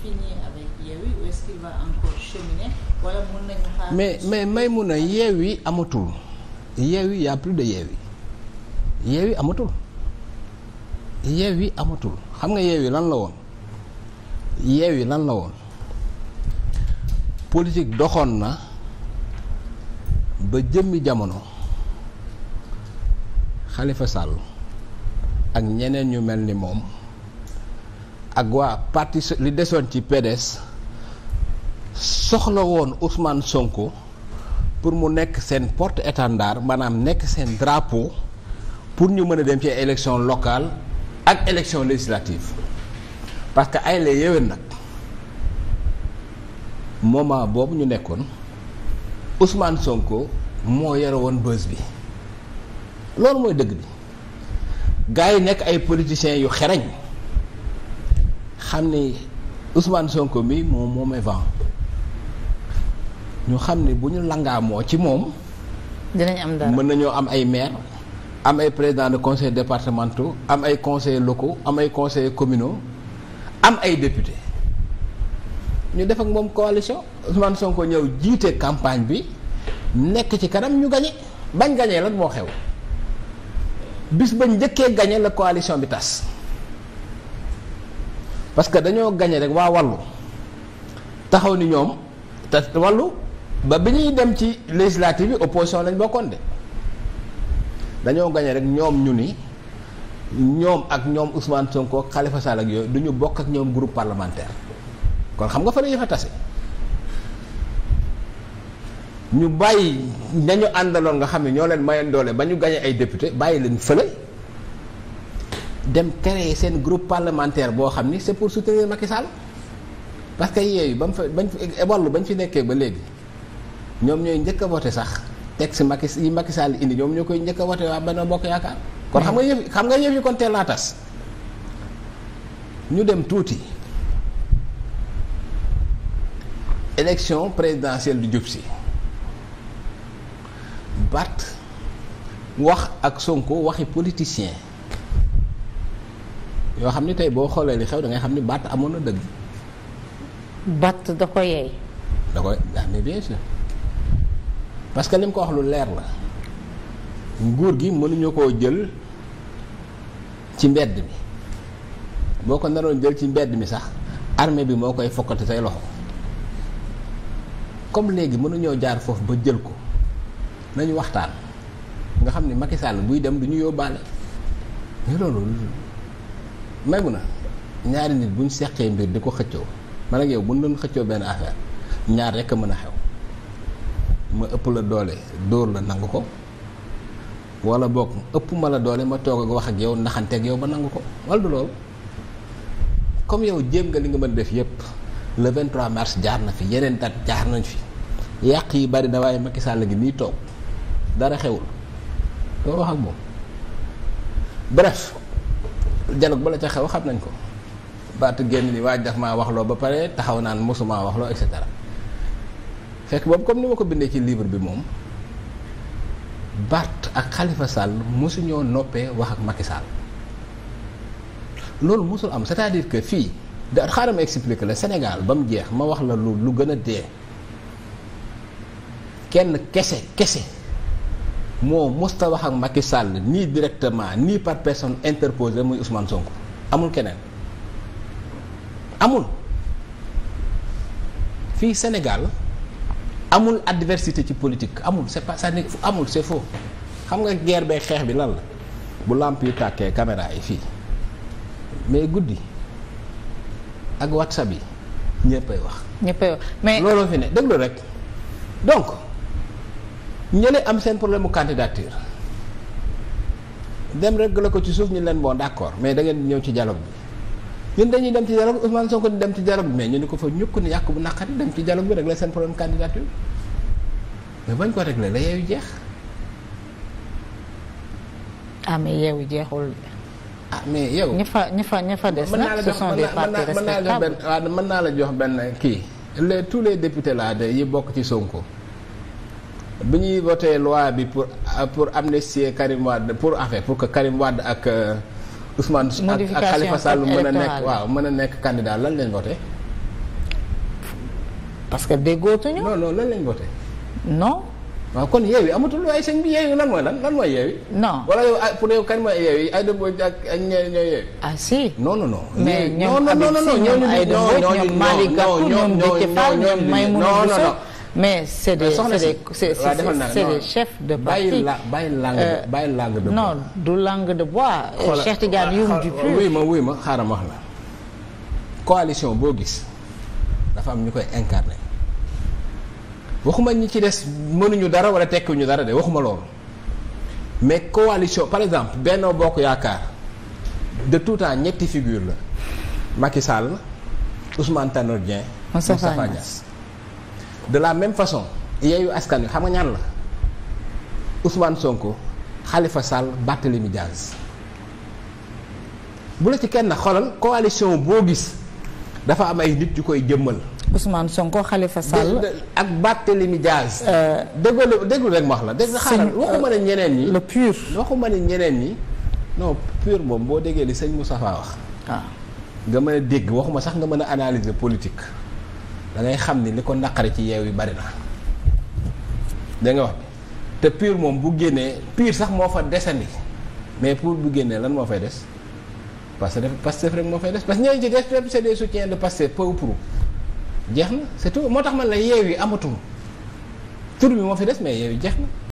fini avec Yewwi ou est-ce qu'il va encore cheminer wala mën nañu xaar mais mais amatul Yewwi yi amatul xam nga Yewwi lan la woon yi lan la woon politique doxoon na ba jëmmi jamono xalifa sàll ak ñeneen ñu mel ni moom ak waa parti li desoon ci PDS soxla woon Ousmane Sonko pour mu nekk seen porte étendard maanaam nekk seen drapeau pour ñu mën a dem ci élection locale ak élection législative parce que ay yéwén nag moment boobu ñu nekkoon Ousmane Sonko moo yore woon bës bi loolu mooy dëgg bi gars yi nekk ay politiciens yu xereñ xam ni Ousmane Sonko mi moom moom vent ñu xam ni bu ñu langaamoo ci moom. dinañ am dara mën nañoo am ay maire am ay président de conseil départementaux am ay conseillers locaux am ay conseillers communaux am ay députés ñu def ak moom coalition Ousmane Sonko ñëw jiite campagne bi nekk ci kanam ñu gañe bañ gañee lan moo xew bis ba njëkkee gañe la coalition bi tas. parce que dañoo gañee rek waa wàllu taxaw ni ñoom te wàllu ba bi ñuy dem ci législative bi opposition lañ bokkoon de dañoo gañe rek ñoom ñu ni ñoom ak ñoom Ousmane Sonko Khalifa Sall ak yooyu du ñu bokk ak ñoom groupe parlementaire kon xam nga fa la yëfa tase ñu bàyyi nañu àndaloon nga xam ne ñoo leen mayoon doole ba ñu gañe ay député bàyyi leen fële dem créer seen groupe parlementaire boo xam ni c'est pour soutenir Macky Sall parce que yooyu ba mu fa bañ fi bañ fi nekkee ba léegi ñoom ñooy njëkk a voté sax teg si yi Macky Sall indi ñoom ñoo koy njëkk a voté waa Benno Bokk Yaakaar kon xam nga yëf xam nga yëf yi kon teel ñu dem tuuti élection présidentielle du jub si Bart wax ak Sonko waxi politicien yoo xam ni tey boo xoolee li xew dangay xam ni Batt amoon na dëgg. Batt da ko yey. da ko ah mais parce que li mu ko wax lu leer la nguur gi mënuñu koo jël ci mbedd mi boo ko naroon jël ci mbedd mi sax armée bi moo koy fokkati say loxo comme léegi mënuñoo jaar foofu ba jël ko nañu waxtaan nga xam ni Macky buy dem du ñu yóbbaale mais loolu. Maymuna ñaari nit buñ seqee mbir di ko xëccoo man ak yow bu ñu doon xëccoo benn affaire ñaar rek a mën a xew ma ëpp la doole dóor la nangu ko wala bokk ëpp ma la doole ma toog ak wax ak yow naxante ak yow ba nangu ko wala du loolu comme yow jéem nga li nga mën def yépp le 23 mars jaar na fi yeneen date jaar nañ fi yàq yi bari na waaye Macky Sall gi nii toog dara xewul doo wax ak moom bref. dialogue ba la ca xew xam nañ ko baat génn ni waaj daf maa waxloo ba pare taxaw naan mosumaa waxloo et cetera fekk boobu comme ni ko bindee ci livre bi moom Bart ak xalifa Khalifa mosu mosuñoo noppee wax ak Macky Sall loolu mosul am c'est-à-dire que fii da xaaral ma expliquer la senegaal ba mu jeex ma wax la lu lu gën a dee kenn kese kese moo mosta wax ak Macky Sall nii directement nii par personne interposée muy Ousmane Sonko amul keneen amul fii Sénégal amul adversité ci politique amul c'est pas ça amul c'est faux xam nga guerre bay xeex bi lan la bu làmp yu tàkkee caméra yi fii mais guddi ak WhatsApp yi ñëppay wax. ñëppay wax mais looloo fi ne déglu rek donc. ñu ne am seen problème mu candidature dem rek la ko ci suuf ñu leen bon d'accord mais da ngeen ñëw ci dialogue bi ñun dañuy dem ci dialogue Ousmane Sonko di dem ci dialogue bi mais ñu ni ko fa ñukk ni yàq bu naqari dem ci dialogue bi régler seen problème candidature mais bañ ko régler la yeewu jeex. ah mais yeewu jeexul. ah mais yow. ñi fa ñi fa ñi fa des nag ce sont des partis respectables ah, mën naa la jox benn kii le tous les députés là de yi bokk ci Sonko. bi ñuy voté loi bi pour pour amnistier Karim Wade pour en pour que Karim Wade ak Ousmane. ak Khalifa Sall mën a nekk waaw mën a nekk candidat lan lañ voté. parce que déggootuñu. non non lan lañ voté. non. waaw kon yeewi amatul ay sëñ bi yeewi lan mooy lan lan mooy yeewi. ñoom Habib Sy ñoom Aïda Mbodj ñoom Malick Gakou ñoom mais c'est des c'est des chefs de parti bàyyi langue euh, bàyyi langue de non du langue de bois. Cheikh Tidiane Youm du plus. wuy ma wuy ma xaaral ma wax la coalition boo gis dafa am ñu koy incarné waxuma ñi ci des mënuñu dara wala ñu dara de waxuma loolu mais coalition par exemple Benno Bokk Yaakaar de tout temps ñetti figure la Macky Sall Ousmane Tanor Dieng Moustapha de la même façon yeeyu askan wi xam nga ñaan la Ousmane Sonko Khalifa Sall Barthélémy Diaz bu la ci kenn xoolal coalition boo gis dafa am ay nit yu koy jëmmal. Ousmane Sonko Khalifa Sall. ak Barthélémy Diaz. Euh, déglu déglu rek ma wax la dégg xaaral waxuma ne ñeneen ñi. le pur waxuma ne ñeneen ñi non pur moom boo déggee li sëñ Moustapha wax. waaw ah. nga mën a dégg waxuma sax nga mën a analyser politique. dangay xam ni li ko naqari ci yeew yi bari na dangay wax te pur moom bu génnee pur sax moo fa desandi mais pour bu génnee lan moo fay des parce que Pastef rek moo fay des parce que ñooñu ci des c'est des soutiens de Pastef peu ou prou jeex na c'est tout moo tax man la yeew yi amatul tur bi moo fi des mais yeew yi jeex na